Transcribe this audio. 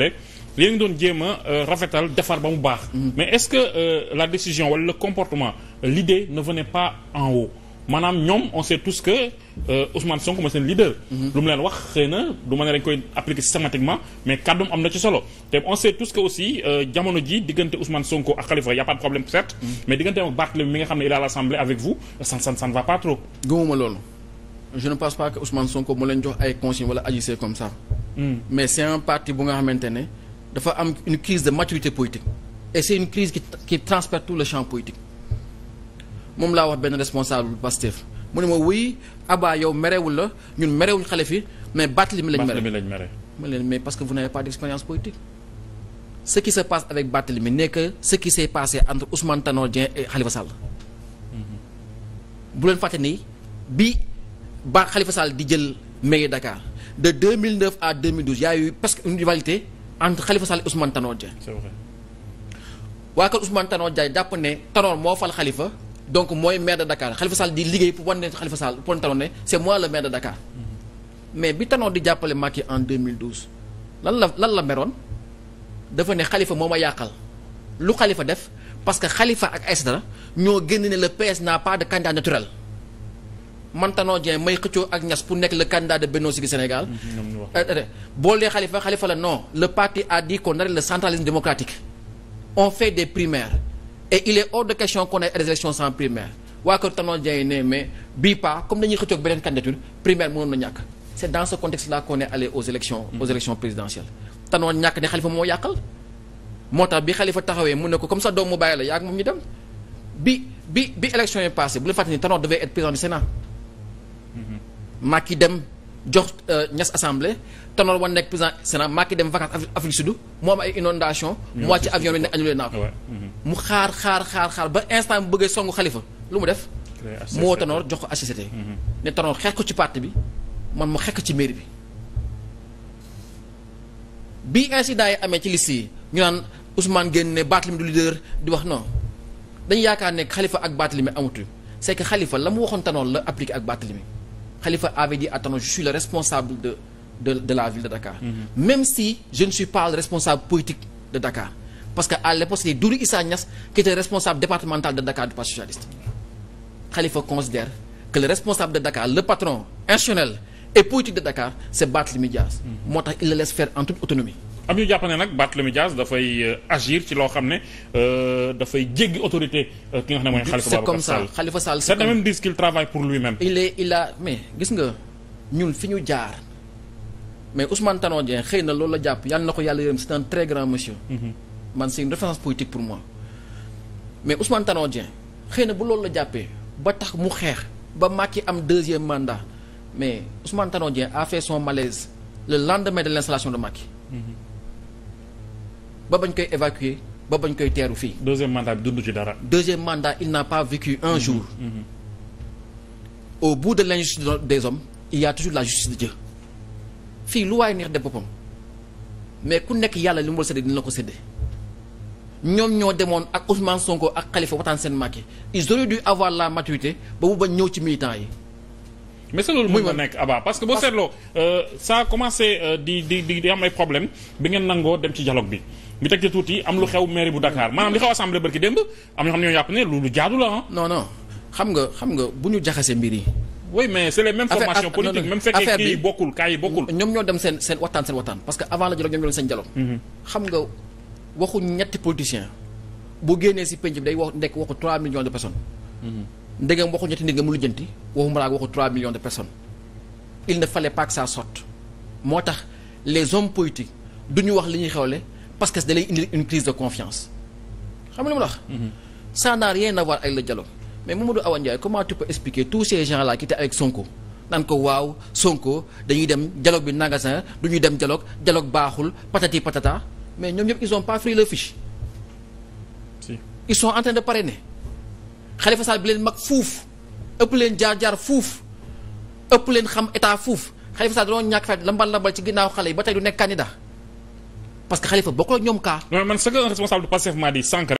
plaît yéen doon jéem a euh, rafetal defar ba mu baax. Mm-hmm. mais est-ce que euh, la décision wala la comportement l'idée ne venait pas en haut maanaam ñoom on sait tous que euh, Ousmane Sonko seen leader. Mm-hmm. lu mu leen wax xëy na du ma ne dañ koy appliquer systématiquement mais kàddu am na ci solo te on sait tous que aussi euh, jamono ji diggante Ousmane Sonko ak Khalifa y' pas de problème certes. Mm-hmm. mais diggante ak Barthélémy mi nga xam ne il est à l'Assemblée avec vous ça ça ça ne va pas Mm. mais c'est un parti bu nga xamante ne dafa am une crise de maturité politique et c'est une crise qui qui transperce tout le champ politique moom laa wax benn responsable Pastef mu ne ma wuy Abba yow merewul la ñun merewul Khalifa mais Barthélémy lañ mere ma leen mais parce que vous n'avez pas d'expérience politique ce qui se passe avec Barthélémy n'est que ce qui s'est passé entre Ousmane Tanor Dieng et Khalifa mm-hmm. bu leen fàtte ni bi ba Khalifa Sall di jël mairie Dakar de 2009 à 2012 y a eu presque une rivalité entre Khalifa Sall et Ousmane Tanor Dieng. c'est vrai waa kër Ousmane Tanor Dieng jàpp ne Tanor moo fal xalifa donc mooy maire de Dakar Khalifa Sall di liggéey pour wane ne Khalifa Sall pour Tanor ne c'est moi le maire de mm-hmm. mais bi Tanor di jàppale Macky en 2012 lan la lan la meroon dafa ne xalifa moo ma yàqal lu xalifa def parce que Khalifa ak Aïssata ñoo génn ne le PS n'a pas de candidat naturel. man Tanor Dieng may xëccoo ak Niass pour nekk le candidat de Benno Siggil Sénégal. Mm-hmm. Euh, boo lee Khalifa Khalifa la non le parti a dit qu'on arrête le centralisme démocratique on fait des primaires et il est hors question qu'on ait des élections sans primaire waa kër Tanor Dieng ne mais bii comme dañuy xëccoo beneen candidature primaire mënoon ñàkk c'est dans ce contexte là qu'on est aux élections mm-hmm. aux élections présidentielles Tanor ñàkk moo yàqal moo tax bi Khalifa taxawee mun ne ko comme ça doomu bàyyi la yaa ak moom ñu dem ni Tanor Macky dem jox euh, Niass assemblée Tanor wa nekk président Sénat Macky dem vacances Afrique Sud mu am ay inondation mu wàcc avion bi ne annulé naa ko mu xaar xaar xaar xaar ba instant mu bëggee songu Khalifa lu mu def mu woo Tanor jox ko HCCT mm-hmm. ne Tanor xeex ko ci parti bi man mu xeex ci mairie bi bi incident yi amee ci liste yi ñu naan Ousmane génne Barthélémy du leader di wax non dañu yaakaar ne Khalifa ak Barthélémy amatu c'est que xalifa la mu waxoon Tanor la appliqué ak Barthélémy Khalifa avait dit attends je suis le responsable de de la ville de Dakar. Mhm. même si je ne suis pas responsable politique de Dakar parce que à l'époque c'était Doudou Issa Niass qui était responsable départemental de Dakar du Parti socialiste. Khalifa considère que le responsable de Dakar le patron institutionnel et politique de Dakar c'est Barthélémy Dias. Mhm. moo tax il le laisse faire en toute autonomie. am ñu jàpp ne nag Barthélémy Dias dafay euh, agir ci loo xam ne euh, dafay jéggi autorité euh, ki nga xam ne mooy. Khalifa Babacar Sall c'est comme ça certains même disent qu'il travaille pour lui-même. il mais gis nga ñun fi ñu jaar mais Ousmane Tanor xëy na loolu la jàpp yàlla na ko yàlla yërëm c'est un très grand monsieur. Mm-hmm. man c'est une référence pour moi mais Ousmane Tanor Dieng xëy na bu loolu la jàppee ba tax mu xeex ba Macky am deuxième mandat mais Ousmane Tanor Dieng a fait son malaise le lendemain de l'installation de Macky. Mm-hmm. ba bañ koy évacuer ba bañ koy teeru fii. deuxième mandat bi dund ci dara. deuxième mandat il n'a pas vécu un mhm. jour. Mmh. au bout de l'injustice des hommes il y a toujours la justice de Dieu fii lu waaye neex de boppam mais ku nekk yàlla li mu war a dina la ko séddee ñoom ñoo demoon ak Ousmane Sonko ak Khalifa waxtaan seen Macky ils auraient dû avoir la maturité ba bañ ñëw ci militants yi. mais sa loolu mën na nekk Abba parce que boo seetloo euh, ça a euh, di di di am ay problème bi ngeen nangoo dem ci dialogue bi bi teg ci tuuti am lu xew mairie bu Dakar maanaam li xew assemblée barki démb am ñoo xam ne ñoo yàpp ne loolu nga xam nga bu ñu jaxasee mbir yi oui mais c'est les mêmes formations politiques même fekkee kii bokkul kaa yi bokkul ñoom ñoo dem seen seen seen waxtaan parce que avant la dialogue ñoom ñoo dem seen dialogue mhm. xam nga waxu ñetti politicien bu génnee si penc bi day nekk waxu 3 millions de ndegam waxu ñetti nit nga mu lijjanti waxu ma laa waxu 3 millions de personnes il ne fallait pas que ça moo tax les hommes politiques du ñu wax li ñuy xewle parce que da lay indi une crise de confiance xam nga lu ma wax. Mhm. ça n'a rien la jalo avec le dialogue mais Mamadou Awa Ndiaye comment tu peux expliquer tous ces gens là qui étaient avec Sonko naan ko waaw Sonko dañuy dem dialogue bi nagasin du ñuy dem dialogue dialogue baaxul patati patata mais ñoom ñëpp ils ont pas pris le fiche. si ils sont en Khalifa Sall bi leen mag fuuf ëpp leen jaar-jaar fuuf ëpp leen xam état fuuf Khalifa Sall dañoo ñàkk fay lambal lambal ci ginnaaw xale yi ba tey du nekk candidat parce que Khalifa bokkul ak ñoom kaa. non man ce que un responsable passivement dit sànq